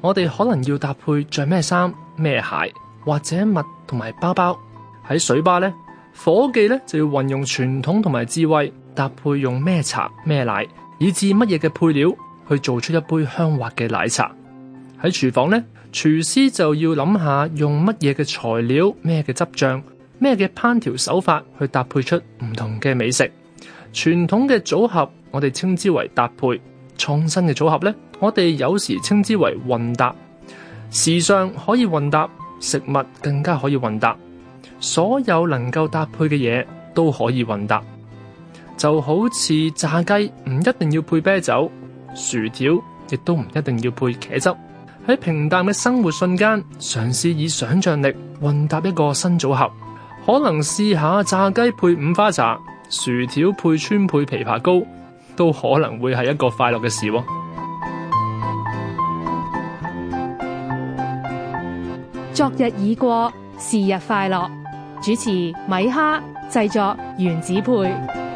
我哋可能要搭配着咩衫、咩鞋或者襪同埋包包，喺水吧咧，伙計咧就要運用傳統同埋智慧搭配用咩茶、咩奶，以至乜嘢嘅配料去做出一杯香滑嘅奶茶。喺廚房咧，廚師就要諗下用乜嘢嘅材料、咩嘅汁醬、咩嘅烹調手法去搭配出唔同嘅美食。傳統嘅組合，我哋稱之為搭配。創新嘅組合呢，我哋有時稱之為混搭。時尚可以混搭，食物更加可以混搭，所有能夠搭配嘅嘢都可以混搭。就好似炸雞唔一定要配啤酒，薯條亦都唔一定要配茄汁。喺平淡嘅生活瞬間，嘗試以想像力混搭一個新組合，可能試下炸雞配五花茶，薯條配川配枇杷膏。都可能會係一個快樂嘅事喎，哦。昨日已過，是日快樂。主持米哈，製作原子配。